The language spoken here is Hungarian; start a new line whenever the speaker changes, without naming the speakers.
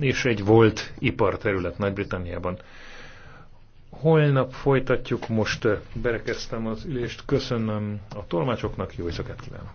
és egy volt iparterület Nagy-Britanniában. Holnap folytatjuk, most eh, berekeztem az ülést, köszönöm a tolmácsoknak, jó éjszakát kívánok!